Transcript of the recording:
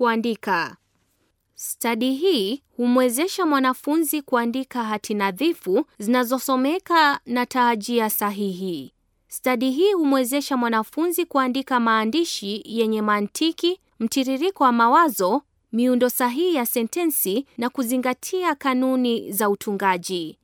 kuandika. Stadi hii humwezesha mwanafunzi kuandika hati nadhifu zinazosomeka na tahajia sahihi. Stadi hii humwezesha mwanafunzi kuandika maandishi yenye mantiki, mtiririko wa mawazo, miundo sahihi ya sentensi na kuzingatia kanuni za utungaji.